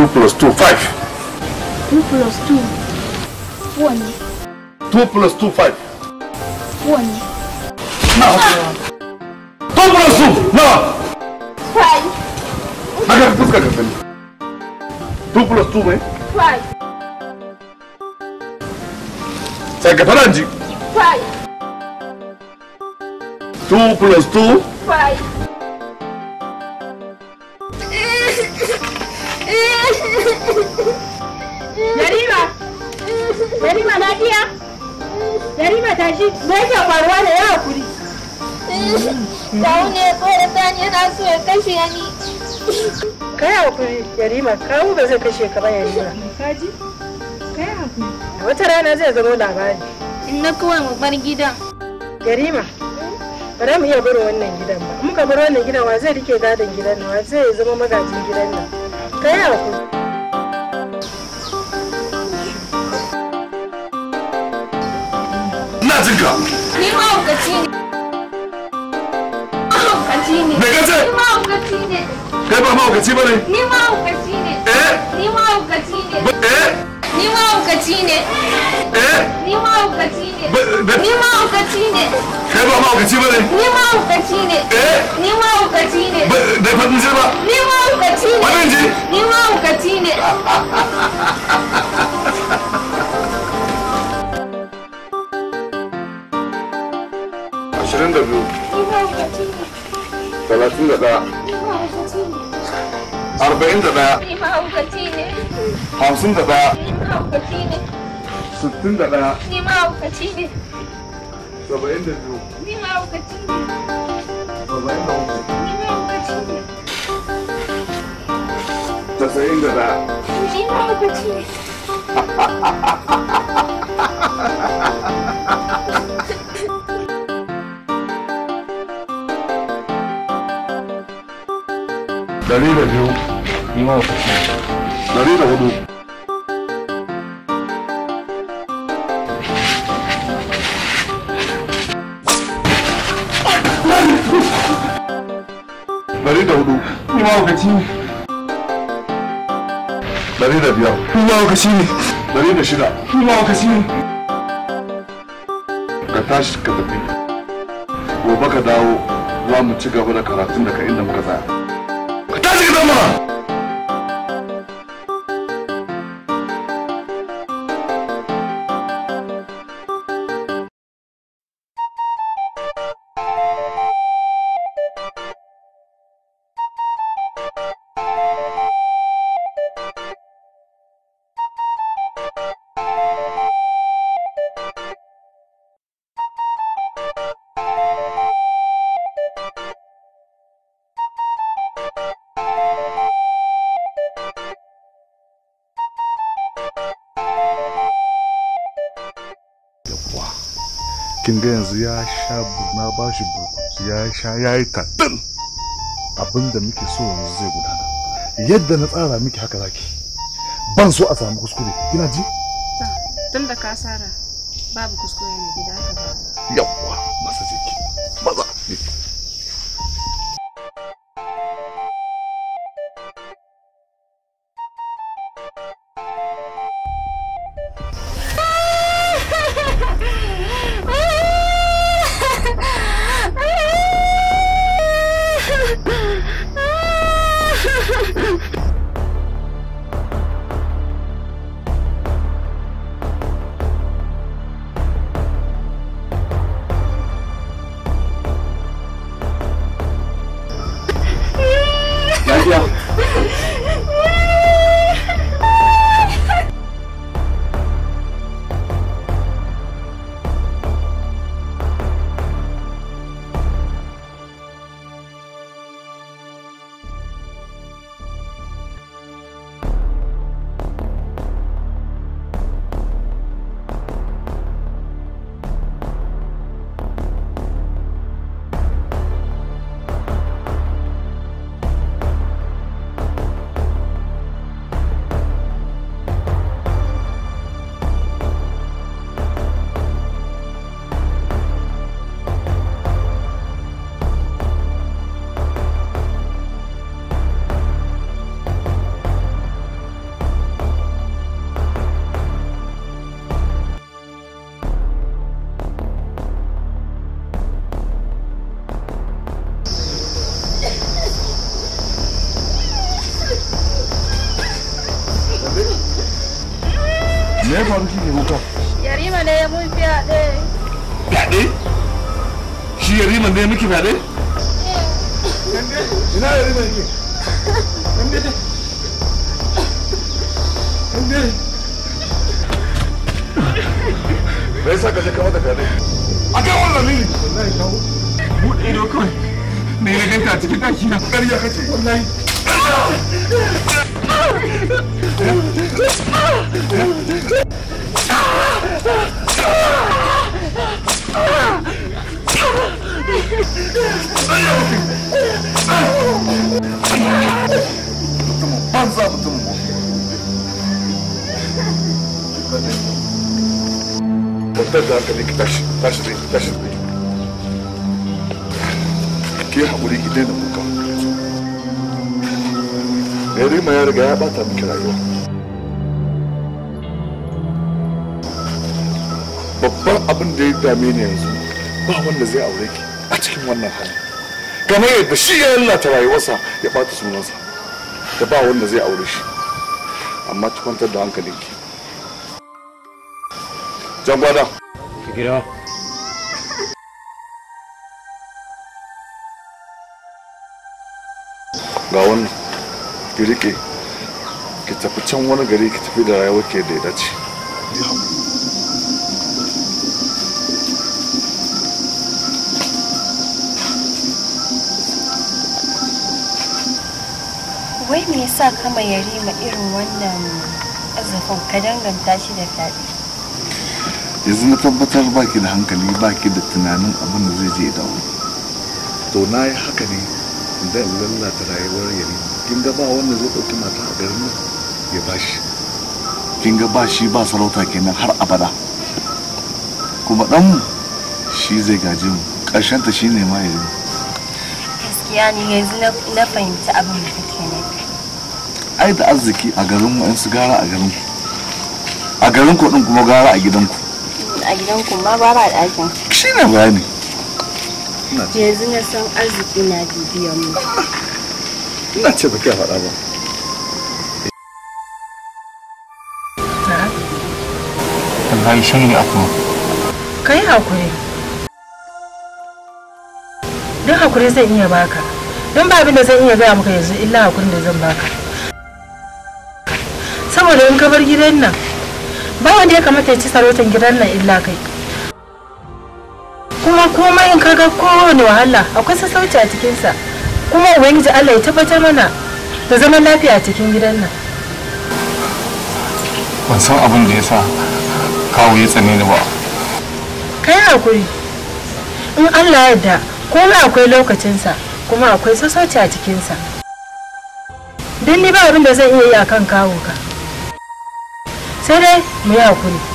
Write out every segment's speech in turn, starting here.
2 plus 2, 5. 2 plus 2, 1. 2 plus 2, 5. 1. Now. 2 plus 2, now. 5. Haka fuska ka sani. 2 plus 2 mai? 5. Sai ka fara ji. 5. 2 plus 2? 5. Yarima! Yarima na lafiya? Yarima tashi, me yake faruwa da yawa kuri? Kawo ne ya tsorata ne yana so ya kashe ni. Kai hakuri Yarima, kawo ba zai kashe ka ba Yarima. Kaji? Kai hakuri. Wata rana zai zama labari. In na kawai mu bar gidan. Yarima, ba za mu iya barin wannan gidan ba muka bar wannan gidan wa zai rike gadon gidan nan wa zai zama magajin gidan nan kai hakuri mahaukacinka ni ne ashirin da biyu talatin da ɗaya arba'in da ɗaya hamsin da ɗaya sittin da ɗaya saba'in da biyu saba'in da tasa'in da ɗaya Dari da biyu ɗari da hudu Dari da hudu ni mahaukaci ne Dari da biyar ni mahaukaci ne Dari da shida ni ci ne ka tashi ka tafi gobe ka dawo za mu ci gaba da karatun daga inda muka tsaya Give them kin ga yanzu ya sha na ba shi burkutu ya sha ya yi abin da muke so yanzu zai gudana yadda na tsara miki haka zaki ban so a samu kuskure kina ji tun da ka tsara babu kuskure ne gida haka ba ready? yarima ya riga ya bata miki rayuwa babban abin da ya dame ni yanzu ba wanda zai aure ki a cikin wannan hali kamar yadda shi ya lalata rayuwarsa ya bata sunansa da ba wanda zai aure shi amma ki kwantar da hankalinki jan gwada gida ga wannan ki rike ki tafi can wani gari ki tafi da rayuwar ke da ya dace wai me yasa kama yari ma irin wannan azafin ka danganta shi da tafi yanzu na tabbatar baki da hankali baki da tunanin abin da zai je dawo to na yi haka ne don lallata rayuwar yari kin ga ba wanda zai ɗauki mata a garin nan ya bashi kin ga ba shi ba sarauta kenan har abada kuma mu shi zai gaji mu ƙarshenta shi ne ma ya yi gaskiya ne yanzu na fahimci abin da kake ne ai da arziki a garin mu su gara a garin ku a garin ku din kuma gara a gidan ku. a gidan ku, ma ba ba ɗakin shi ne bayani yanzu na san arziki na bibiyar mu na ce baki faɗa ba wallahi shi ne ka kai hakuri don hakuri zan iya baka don ba abin da zan iya gaya muka yanzu illa hakuri da zan baka saboda in ka bar gidan nan ba wanda ya kamata ya ci sarautar gidan nan illa kai kuma komai in ka ga kowane wahala akwai sassauci a cikinsa kuma ubangiji Allah ya tabbatar mana da zaman lafiya cikin gidan nan ban san abin da ya sa kawo ya tsane ni ba kai hakuri in Allah ya yarda komai akwai lokacinsa kuma akwai sassauci a cikinsa don ni ba abin da zan iya yi akan kawo ka sai dai mu yi hakuri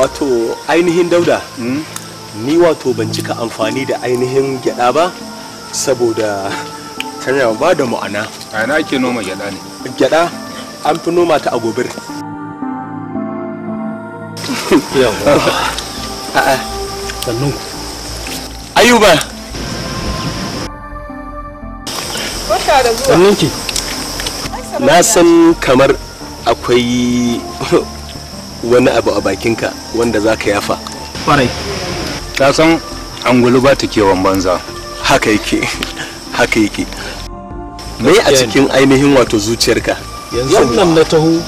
wato ainihin dauda hmm? ni wato ban cika amfani da ainihin gyada ba saboda tana ba da ma'ana ana ke noma gyada ne gyada an fi noma ta a gobir ayuba na san kamar akwai wani abu a bakinka wanda za ka yafa kwarai ta san angulu ba ta kewan banza haka yake haka yake me a cikin ainihin wato zuciyarka yanzu nan na taho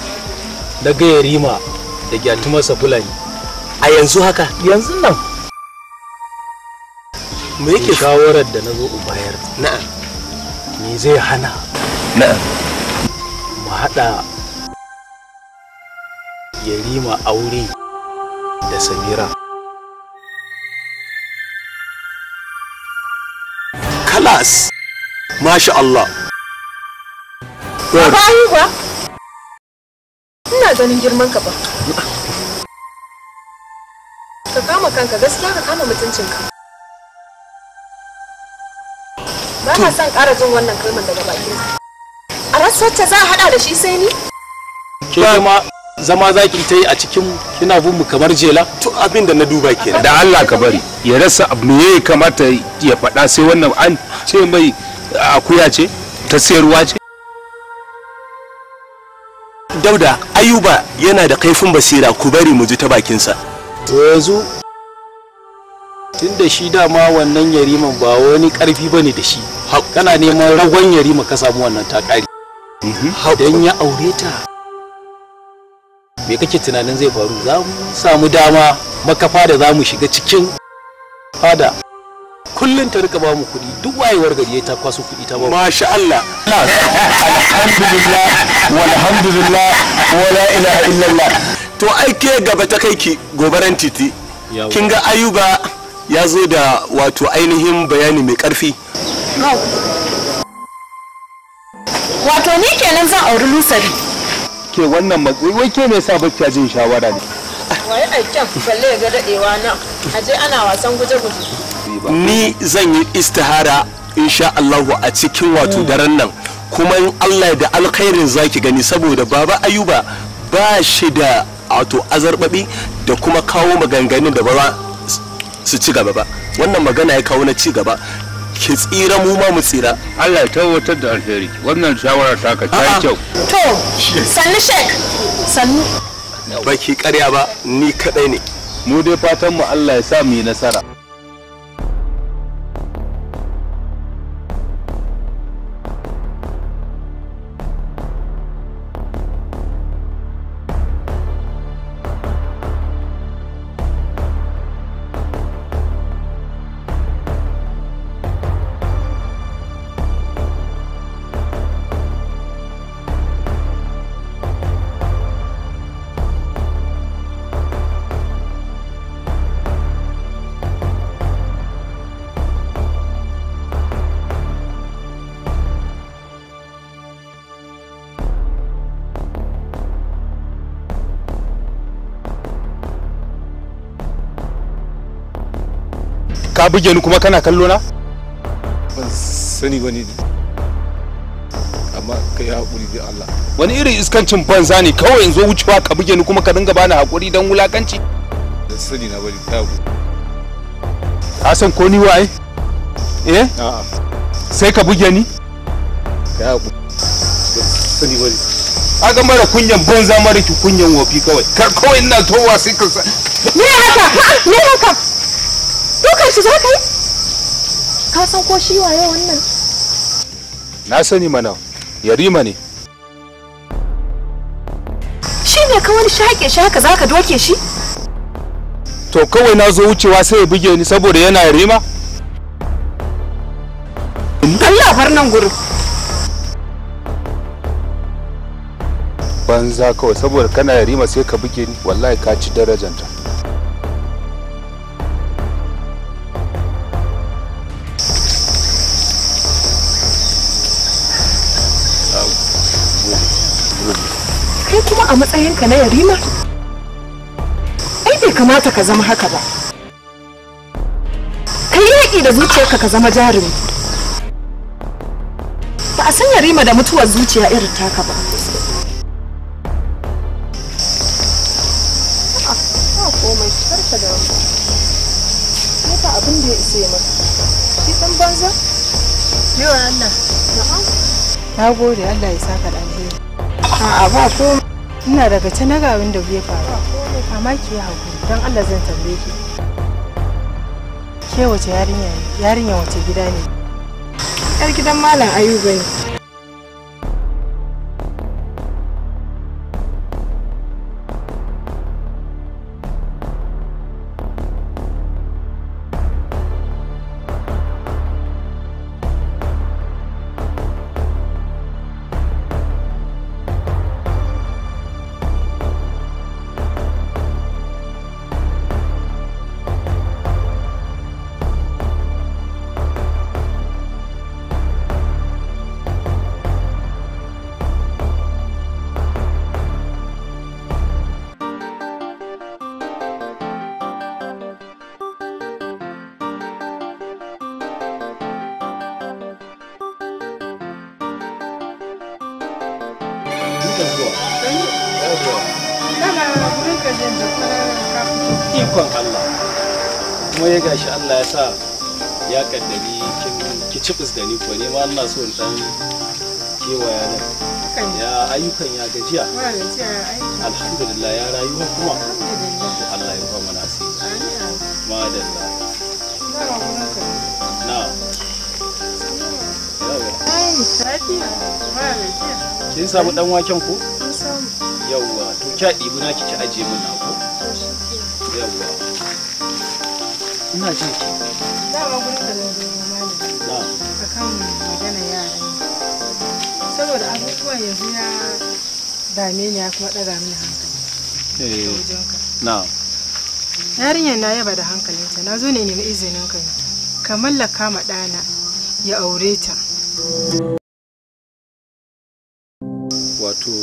na gaya rima da gyatu masa fulani a yanzu haka yanzu nan me yake shawarar da na zo bayar na'am me zai hana na'am mu haɗa yarima aure da samira kalas masha Allah ba yi ba ina ganin girman ka ba ka kama kanka gaskiya ka kama mutuncinka ba na son ƙara jin wannan kalmar daga bakin a rasa wacce za a haɗa da shi sai ni ke ma zama za ki ta yi a cikin kina bin mu kamar jela to abin da na duba kenan da Allah ka bari ya rasa abu ya kamata ya faɗa sai wannan an ce mai akuya ce ta sayarwa ce dauda ayuba yana da kaifin basira ku bari mu ji ta bakinsa to yanzu tun da shi dama wannan yariman ba wani karfi bane da shi kana neman ragon yarima ka samu wannan takari mhm. dan ya aure ta me kake tunanin zai faru za mu samu dama makafa da za mu shiga cikin fada kullum ta rika ba mu kuɗi duk wayewar gari ta kwaso kuɗi ta ba mu masha Allah alhamdulillah walhamdulillah wala ilaha illallah to ai ke gaba ta kai ki gobaran titi kin ga ayuba ya zo da wato ainihin bayani mai karfi wato ni kenan zan auri lusari ke wannan matsayi wai ke me yasa ba kya jin shawara ne wai ai kyan balle ga dadewa nan aje ana wasan guje guje ni zan yi istihara insha Allah a cikin wato hmm. daren nan kuma in Allah da alkhairin zaki gani saboda baba ayuba ba shi da wato azarbabi da kuma kawo maganganun da ba su ci gaba ba wannan magana ya kawo na ci gaba ki tsira mu ma mu tsira Allah ya tabbatar da alheri wannan shawara ta ka ta kyau to sannu shek sannu baki karya ba ni kadai ne mu dai fatan mu Allah ya sa mu yi nasara ka buge ni kuma kana kallo na ban sani wani ne amma kai yi haƙuri da Allah wani irin iskancin banza ne kawai yanzu wucewa ka buge ni kuma ka dinga bani haƙuri don wulakanci ban sani na bari ta haƙuri ka san ko ni waye eh a'a sai ka buge ni ka yi haƙuri ban sani bari A ga mara kunyan banza mara ki kunyan wofi kawai kar kawai ina towa sai ka sa ni haka ni haka kai shi za ka yi ka san ko shi waye wannan na sani mana yarima ne shi ne ka wani shaƙe shi haka za ka doke shi to kawai na zo wucewa sai ya buge ni saboda yana yarima Allah har nan gurin banza kawai saboda kana yarima sai ka buge ni wallahi ka ci darajanta a matsayinka na yarima ai bai kamata ka zama haka ba ka yi yaƙi da zuciyarka ka zama jarumi ba a san yarima da mutuwar zuciya irin taka ba abin da ya isa ya maka shi ɗan banza yawa Allah na'am na gode Allah ya saka da alheri a'a ba komai ina daga can na ga abin da bai faru amma ki yi hakuri don Allah zan tambaye ki ke wace yarinya yarinya wace gida ne yar gidan malam ayuba ne cibis da ni ko ne ma Allah so in dan kewaya nan ya ayyukan ya gajiya alhamdulillah ya rayuwa kuma Allah ya kuma nasi Allah na kin samu dan waken ko yawwa to kya ɗibi na kici aje min na ko yawwa ina ji ki dama gurin da a kan magana yara saboda abubuwan yanzu ya dame ni ya kuma ɗaga min hankali na yarinyar na yaba da hankalinta na zo ne nemi izinin ka ka mallaka ma ɗana ya aure ta wato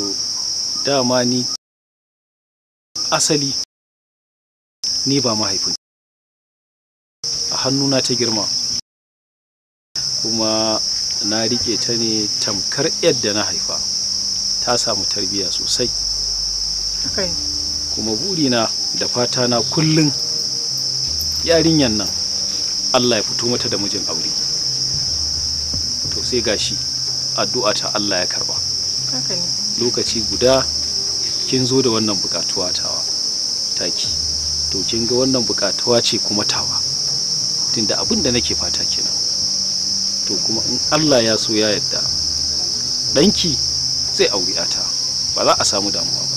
dama ni asali ni ba mahaifin a hannuna ta girma kuma na rike ta ne tamkar yadda na haifa ta samu tarbiyya sosai kuma burina da fata na kullum yarinyar nan allah ya fito mata da mijin aure to sai gashi addu'a ta allah ya karba lokaci guda kin zo da wannan bukatuwa tawa taki to kin ga wannan bukatuwa ce kuma tawa tunda abin da nake fata ke to kuma in allah ya so ya yadda ɗanki zai auri ata ba za a samu damuwa ba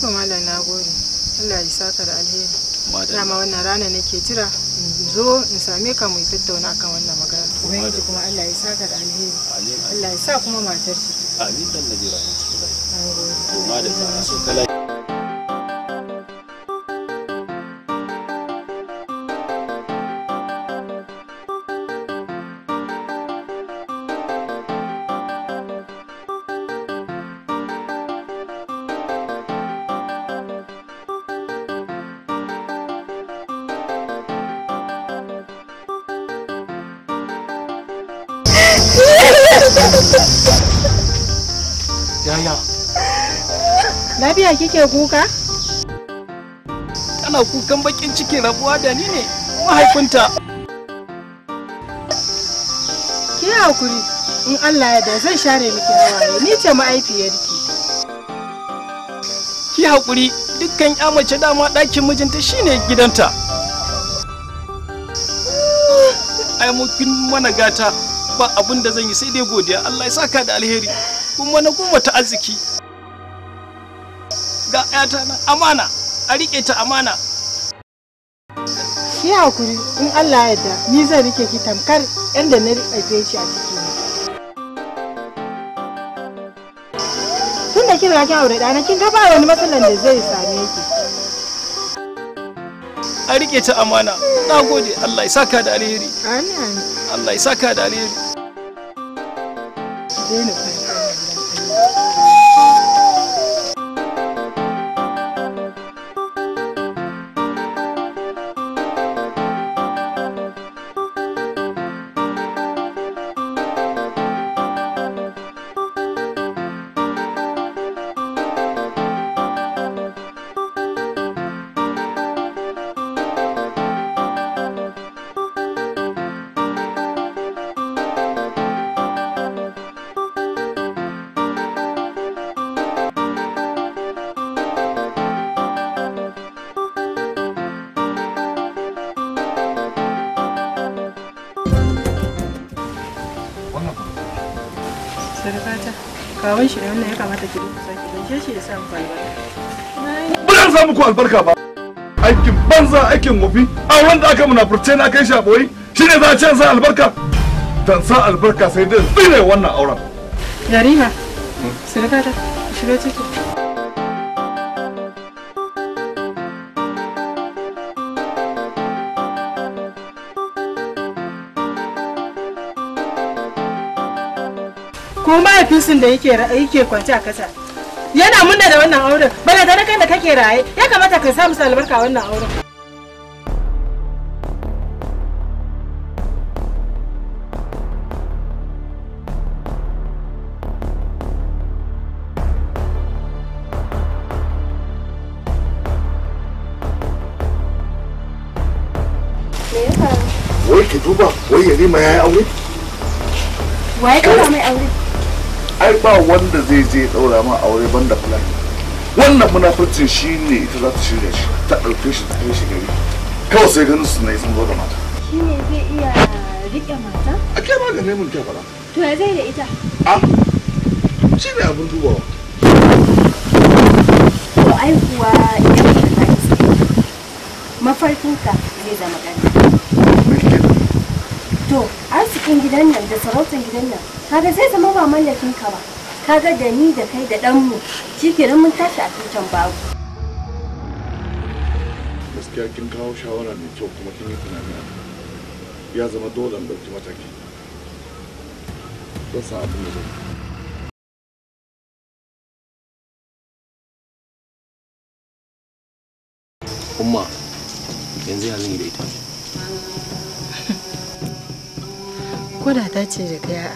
to malam na gode allah ya saka da alheri dama wannan rana nake jira in zo in same ka mu tattauna akan wannan magana ubangiji kuma allah ya saka da alheri allah ya sa kuma matar shi amin dan najira to na so kala Lafiya kike kuka? kana kukan bakin cikin rabuwa da ni ne mahaifinta. Ki hakuri in Allah ya da zan share miki hawaye ni ce ma'aifiyarki. Ki hakuri dukkan ya mace dama ɗakin mijinta shine gidanta. Ai mukin mana gata ba abin da zan yi sai dai godiya Allah ya saka da alheri kuma na kuma ta arziki. ga ƴata na amana a riƙe ta amana Shi hakuri in Allah ya yarda ni zan rike ki tamkar yanda na riƙe shi a ciki tunda kin riga kin aure ɗana kin ga ba wani matsalan da zai same ki a riƙe ta amana na gode Allah ya saka da alheri amin Allah ya saka da alheri daina fahimtar ba zan samu ku albarka ba aikin banza aikin wofi a wanda aka munafurce na kai shi shine za a ce sa albarka dan sa albarka sai dai tsire wannan auren yarima hmm? sirka da shiga ciki ko mahaifinsu da yake yake kwance a kasa yana munna da wannan auren bana da kai da kake raye ya kamata ka samu albarka wannan auren Wai ki duba, wai yari ma ya yi aure? Wai kama mai aure? ai ba wanda zai je daura ma wuri banda fulani wannan munafurcin shi ne ita za ta shirya shi ta ɗauke shi ta kai shi gari kawai sai ganin su ne sun zo da mata shi ne zai iya riƙe mata a ke ma ga ne mun fara to ya zai da ita a shi ne abin dubawa to ai kuwa idan ka tafi mafarkinka zai zama gani to arzikin gidan nan da sarautar gidan nan kaga sai zama ba mallakin ka ba kaga da ni da kai da ɗanmu shikenan mun tashi a tutan babu gaskiya kin kawo shawara mai kyau kuma kin yi tunani ya zama dole in ɗauki mataki don sa abin da umma yanzu ya zan da ita. Kwada ta ce da kai a'a.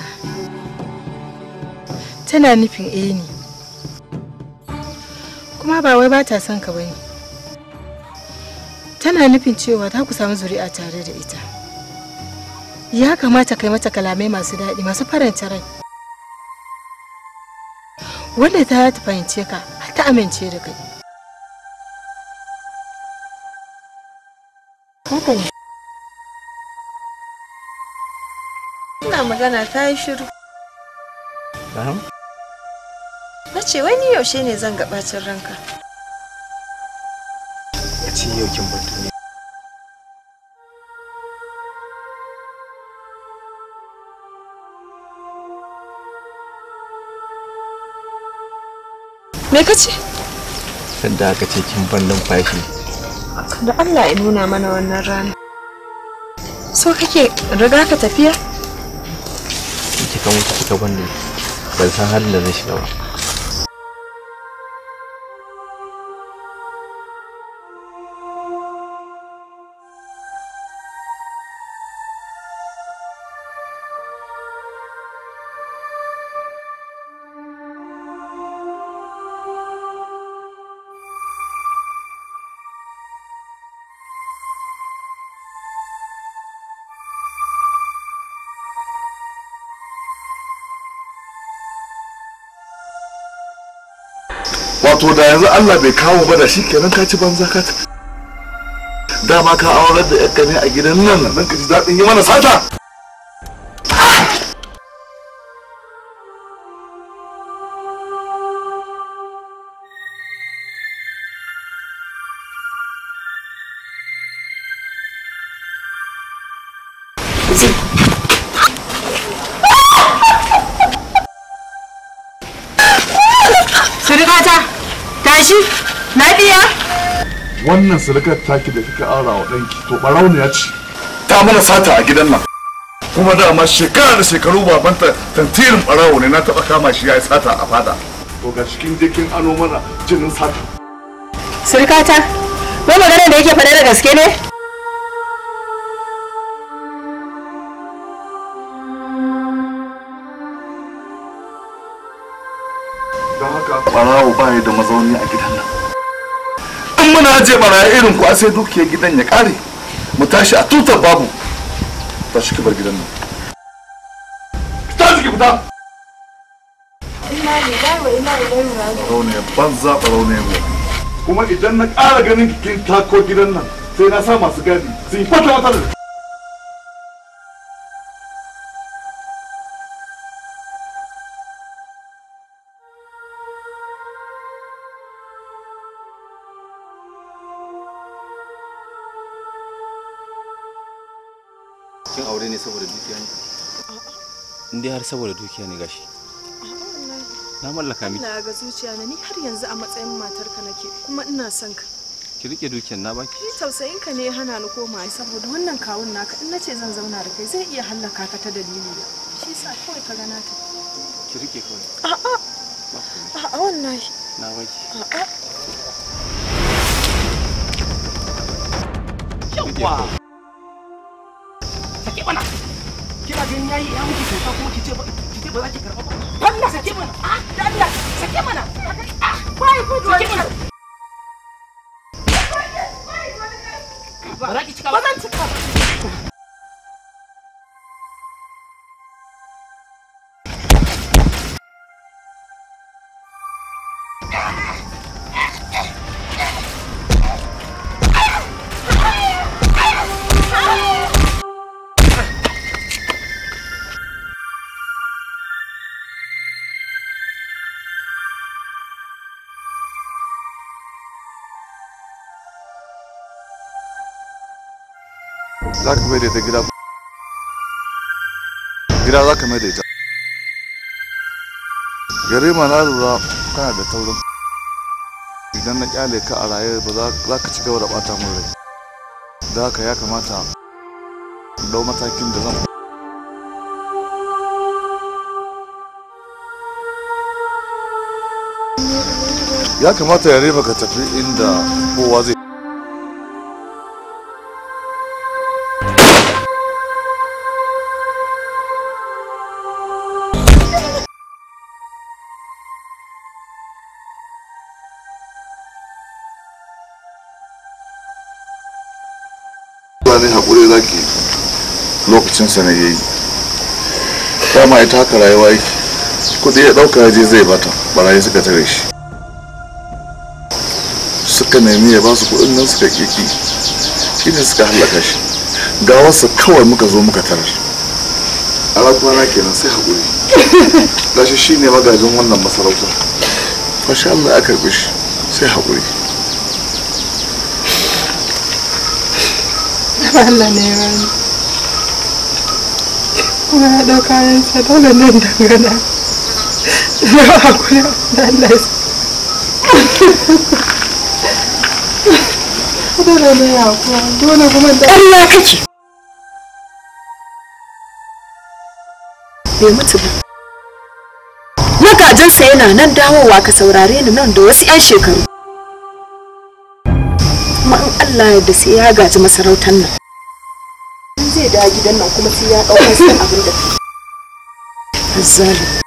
tana nufin eh ne kuma ba wai ba ta son ka bane tana nufin cewa ta ku samu zuri'a tare da ita ya kamata kai mata kalamai masu daɗi masu faranta rai wanda ta ta fahimce ka ta amince da kai ina magana ta yi shiru ta ce wai ni yaushe ne zan ga bacin ranka a ce yau me ka ce aka ce kin ban numfashi da Allah ya nuna mana wannan rana so kake riga ka tafiya kika mutu kika ban ban san halin da zai shiga ba wato da yanzu Allah bai kawo ba da shi kenan ka ci banza ka da dama ka aurar da yakka ne a gidan nan nan ka ji daɗin yi mana sata Gashi, lafiya? Wannan sadakar taki da kika ara wa ɗanki to ɓarauniya ce. Ta mana sata a gidan nan. Kuma dama shekara da shekaru babanta tantirin ɓarawo ne na taɓa kama shi ya yi sata a fada. To ga cikin jikin ano mana jinin sata. Sirkata, wai magana da yake faɗa da gaske ne? da mazauni a gidan nan in muna ajiye maraya irin ku sai dukiyar gidan ya kare mu tashi a tutar babu ta shi kibar gidan nan tashi ki fita Rauniyar banza rauniyar mu. Kuma idan na ƙara ganin kin tako gidan nan sai na sa masu gadi sun yi kwata wata da in dai har saboda dukiya ne gashi na mallaka mi Allah ga zuciya na ni har yanzu a matsayin matar ka nake kuma ina son ka ki rike dukiyar na baki ni tausayin ka ne hana ni koma saboda wannan kawun naka in nace zan zauna da kai zai iya hallaka ka ta dalili da shi yasa kawai ka gana ta ki rike kawai a'a a'a wallahi na baki a'a yawwa sake bana. Kira ganin yayi yan ce Ah, da Allah sake mana. Ah, bai gudu. mana. za ka mai da ita gida gida za ka mai da ita gare ma na lura kana da taurin idan na kyale ka a raye ba za ka ci gaba da bata mun rai da haka ya kamata dau matakin da zan ya kamata ya reba ka tafi inda kowa zai ne haƙuri za ki lokacin sa ne yayi dama ita haka rayuwa yake kuɗi ya ɗauka je zai bata barayi suka tare shi suka nemi ya ba su kuɗin nan suka kiki shi ne suka hallaka shi ga wasu kawai muka zo muka tarar a rakwana kenan sai haƙuri gashi shi ne magajin wannan masarautar fashe Allah ya karɓi shi sai haƙuri Allah ne ya rani kuma ya ɗau kayan sa dole nan dangana yau a kula da Allah dole ne ya kuma dole kuma da Allah kake bai mutu ba magajinsa yana nan dawowa ka saurare ni nan da wasu 'yan shekaru kuma in Allah ya da sai ya gaji masarautar nan gida dawo gidan nan kuma sai ya ɗaukar sai abin da zali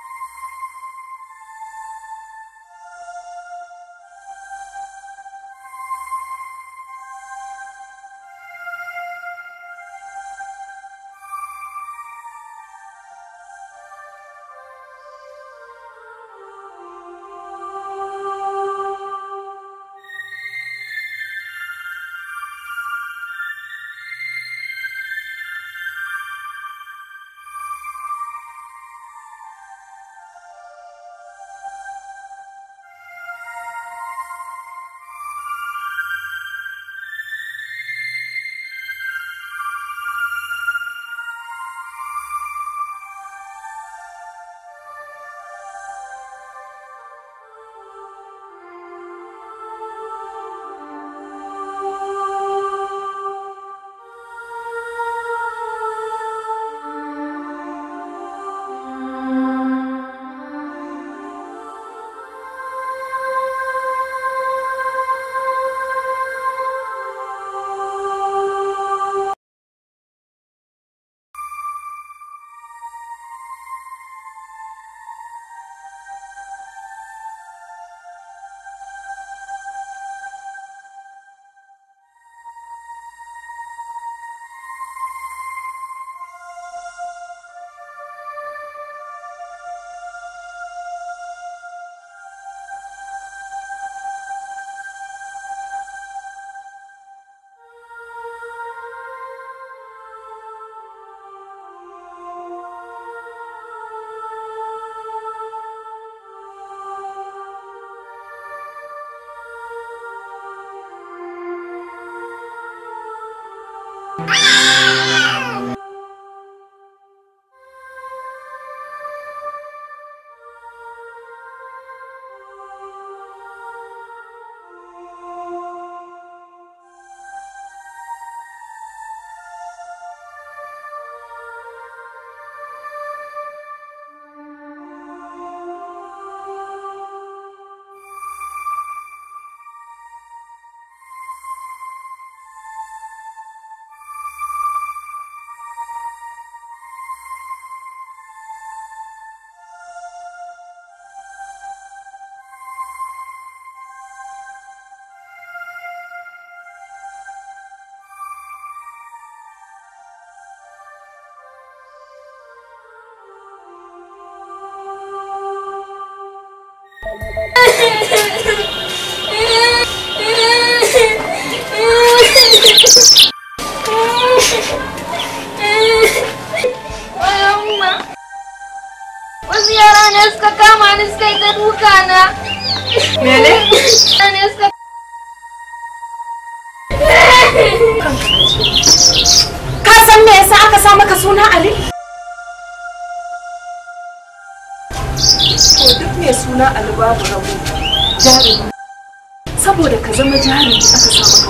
saboda ka zama jarumi aka sa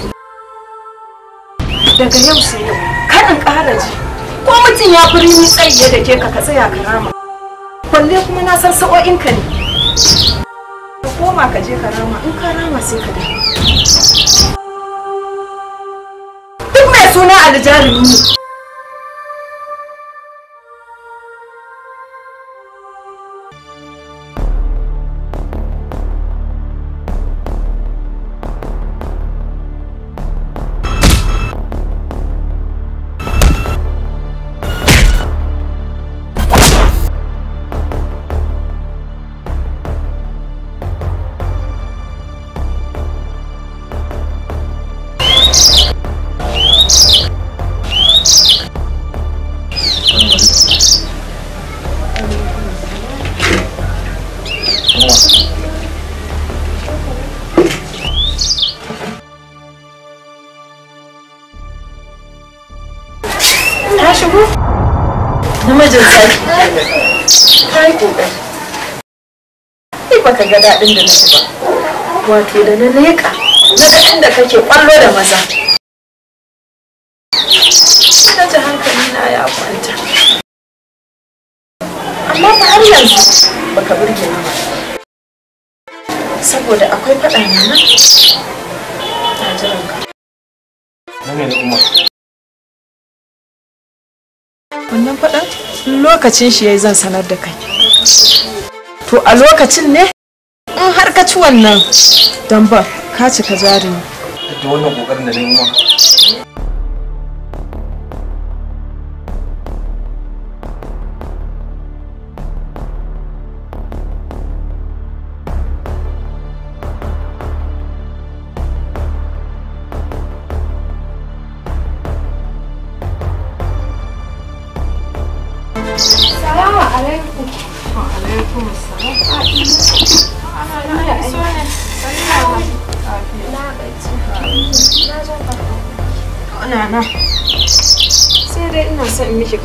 maka wannan suna daga yau sai yau Kaɗan ƙara ji ko mutum ya fi rini tsaye da ke ka ka tsaya ka rama kuma na san sa'o'in ka ne ka koma ka je ka rama in ka rama sai ka dawo duk mai suna aljarumi ne dadin da na ba wato da na leƙa na ga inda kake kwallo da maza na ji hankali na ya kwanta amma ba har yanzu baka burge ni saboda akwai faɗa na nan na jiran ka wannan faɗan lokacin shi yayi zan sanar da kai to a lokacin ne in har ka ci wannan damba ka cika zari da wannan kokarin da na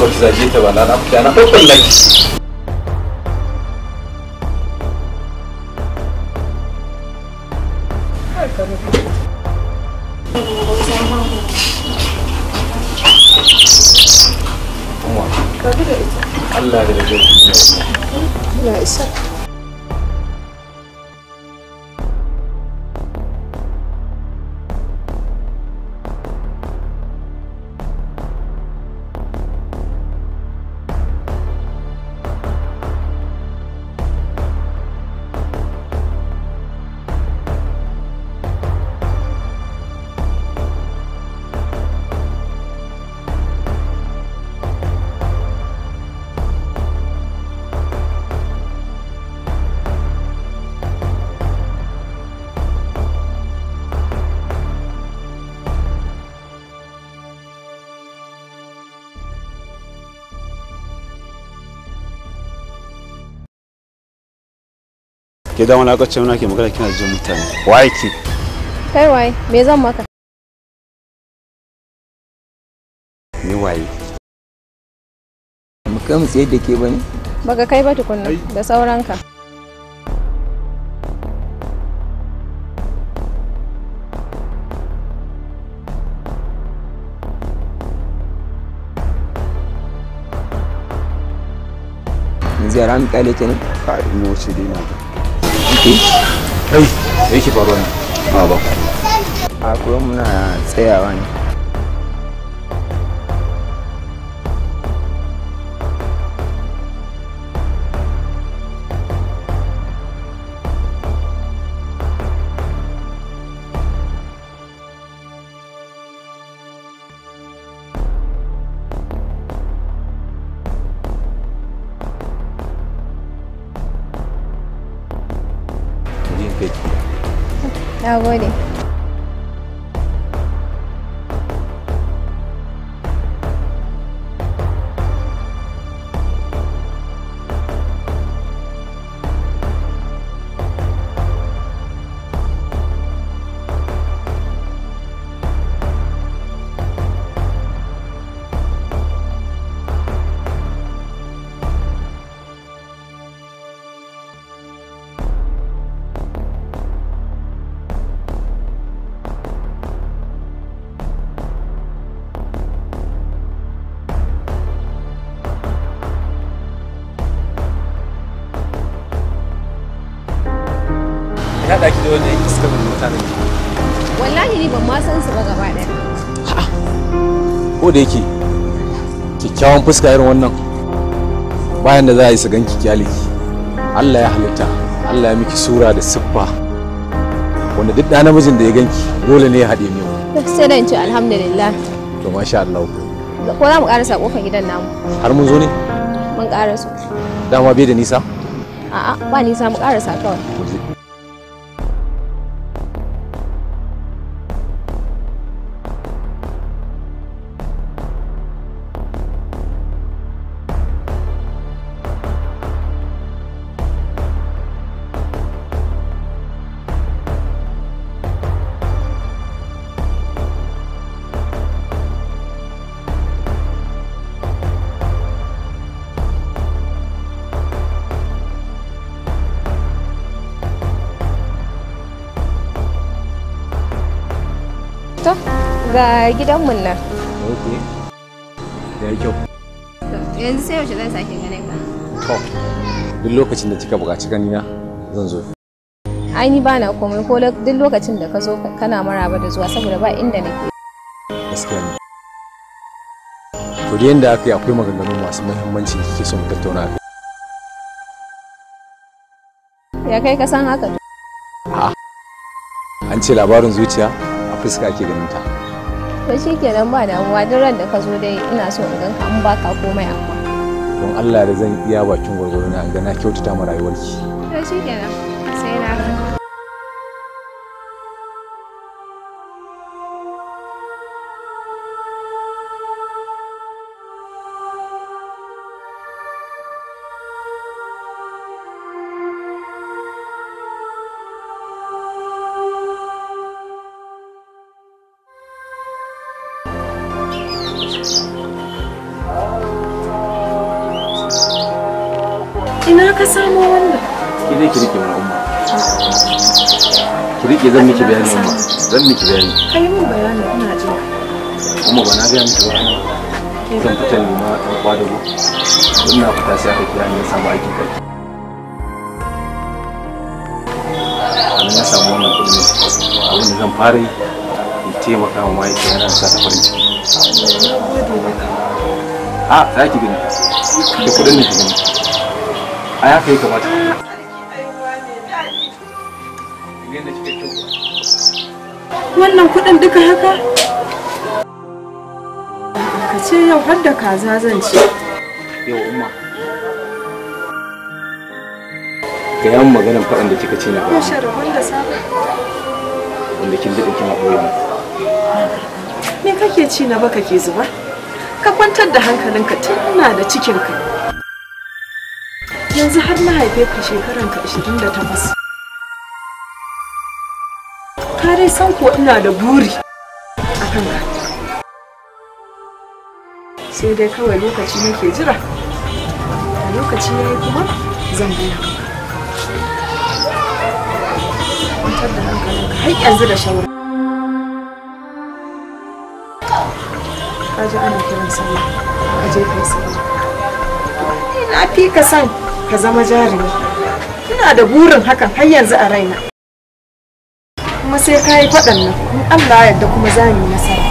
ba ki zage ta ba na na fita na babban laki Allah da rajin duniya. Allah isa. ke da wani akacin na ke magana kina jin mutane waye ke kai waye me zan maka ni waye mu kai mu tsaye da ke bane baka kai ba tukunna da sauranka yanzu yara mu kyale ba a ina wuce dai na Ai, yake faruwa ne? A ba. A kuma muna tsayawa ne. Na gode. kyawawan fuska irin wannan bayan da za a yi su ganki kyaliki Allah ya halitta Allah ya miki sura da siffa wanda duk da namijin da ya ganki dole ne ya haɗe mu sai da ce alhamdulillah to masha Allah ko za mu ƙarasa kofar gidan namu har mun zo ne mun ƙara su dama bai da nisa a'a ba nisa mu ƙarasa kawai ga gidanmu nan ok da kyau yanzu sai yaushe zan sake ganin ka to duk lokacin da kika buƙaci ganina zan zo ai ni bana komai ko duk lokacin da ka zo kana maraba da zuwa saboda ba inda nake gaskiya ne to da yanda aka yi akwai maganganu masu muhimmanci kike son tattauna ya kai ka san haka a an ce labarin zuciya a fuska ake ganin ta to shi kenan ba damuwa duk ran da ka zo dai ina so in ganka an baka komai amma don Allah da zan iya bakin gwargwaro na ga na kyautata ma rayuwarki to shi kenan sai na Ina ka samo wanda. Ki dai ki rike mana umma. Ki rike zan miki bayani umma. Zan miki bayani. Kai mun bayani ina jin. Umma ba na ga miki ba. Zan fita ne ma dan kwa da go. Ina fita sai aka kira ni samu aikin kai. Wani na samu wannan kuɗi abin da zan fara yi in taimaka wa mahaifiya yana sa ta farin ciki. A ah, za ki gani. Da kuɗin ne ki gani. a ya kai kamata wannan kudin duka haka ka ce yau har da kaza zan ci yau umma ga maganin faɗin da kika ce na ba wanda kin daɗe kina ɓoye mu me kake ci na baka ke zuba ka kwantar da hankalinka tun ina da cikinka yanzu har na haife ka shekaran ka 28 ka dai san ko ina da buri a ka sai dai kawai lokaci nake jira a lokaci ya yi kuma zan biya kwantar da hankalinka har yanzu da shawara ka ji ana kiran sallah kaje kai sallah na fi ka san ka zama jarumi ina da burin hakan har yanzu a raina kuma sai ka yi faɗan nan in allah yadda kuma za mu yi nasara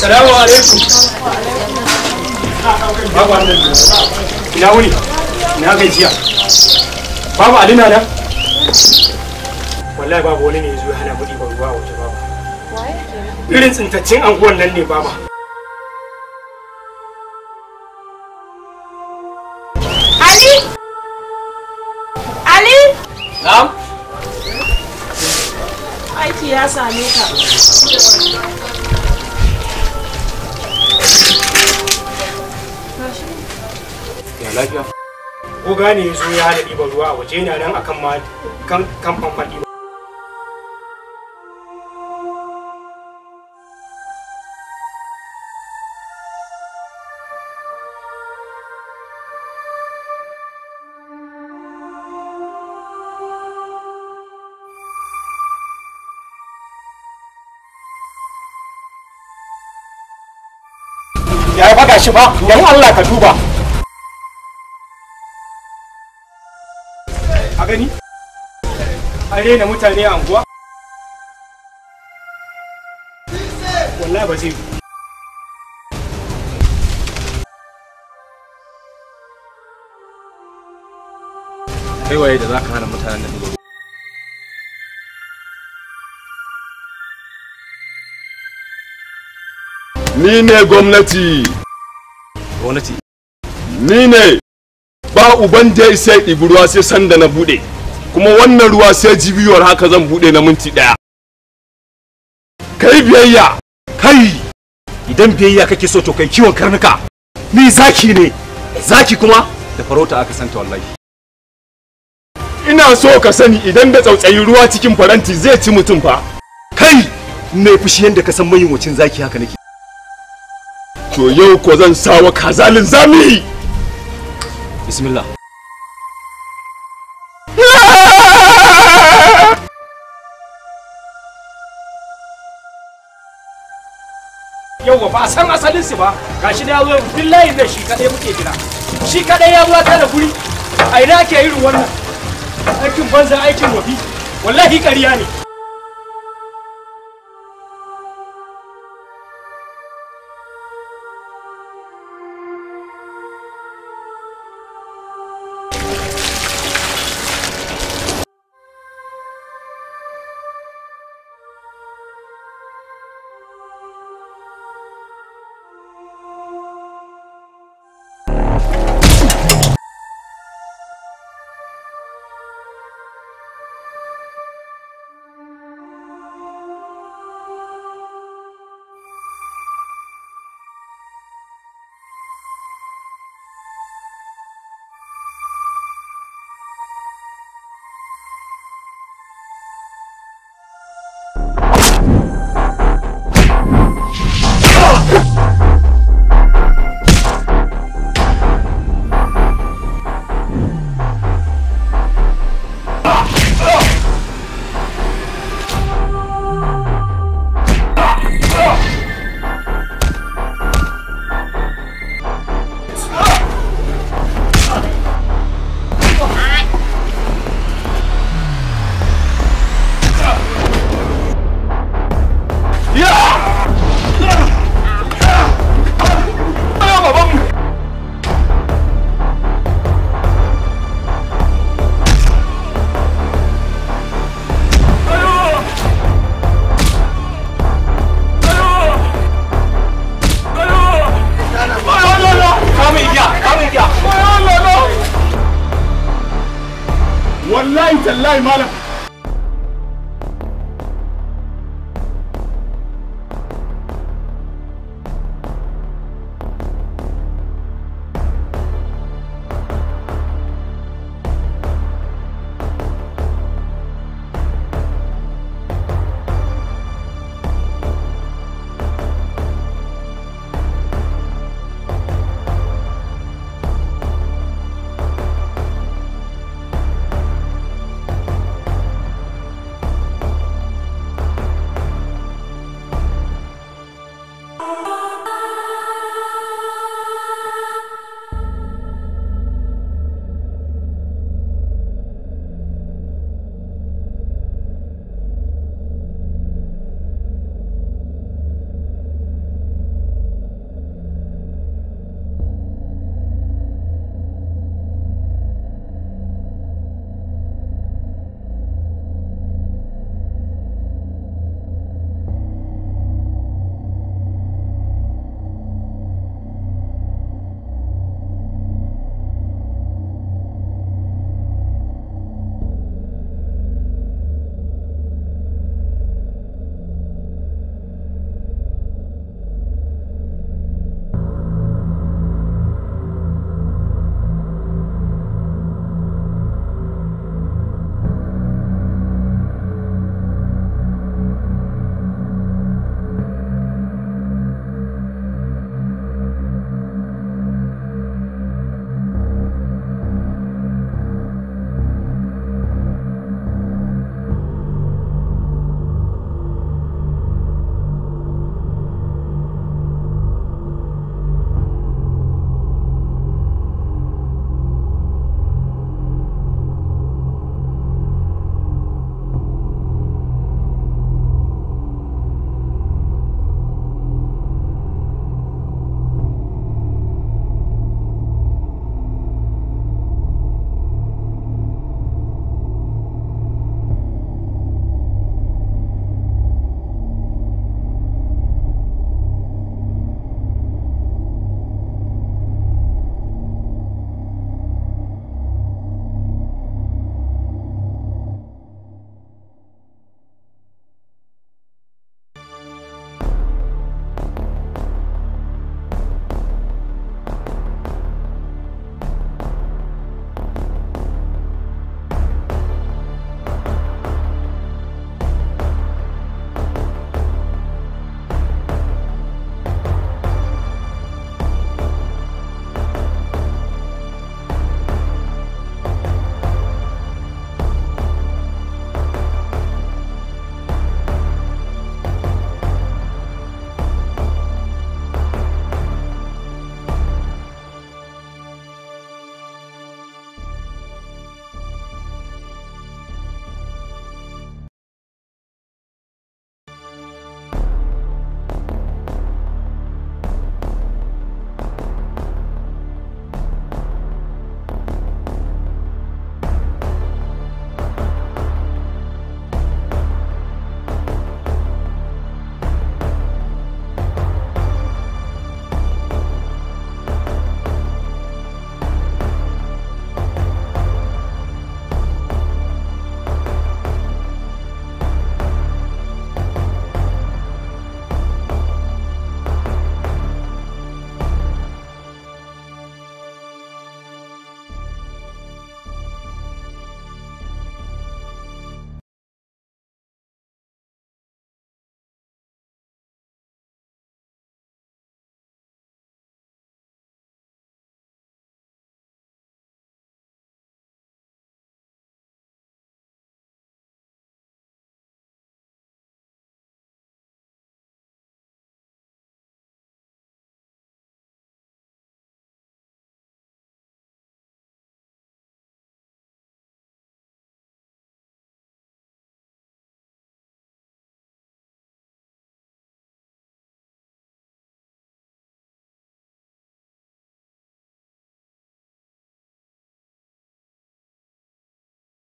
Salamu alaikum. Babu annabi. Ina wuni? Ina gajiya. Babu na da. wallahi babu wani ne ya zo hana mu ɗiban ruwa a waje baba irin tsintaccen anguwan nan ne baba Ali Ali Na'am Aiki ya same ka ko gane ya zo ya hana ɗiban ruwa a waje na nan akan kan famfan ɗiban shi ba don Allah ka duba a gani a rena mutane a anguwa wallahi ba zai kai waye da ka hana mutanen da suke ni ne gwamnati gwamnati ni ne ba uban da sai ɗibi ruwa sai sanda na buɗe kuma wannan ruwa sai jibiyar haka zan buɗe na minti ɗaya kai biyayya kai idan biyayya kake so to kai kiwon karnuka ni zaki ne zaki kuma da farauta aka santa wallahi ina so ka sani idan da tsautsayi ruwa cikin faranti zai ci mutum fa kai ne fushi yadda ka san mayin wacin zaki haka nake to yau ko zan sawa kazalin zami bismillah yau ba san asalin su ba gashi na zo billahi da shi kadai muke kira. shi kadai ya zuwa da guri a ina ke irin wannan aikin banza aikin wabi wallahi ƙarya ne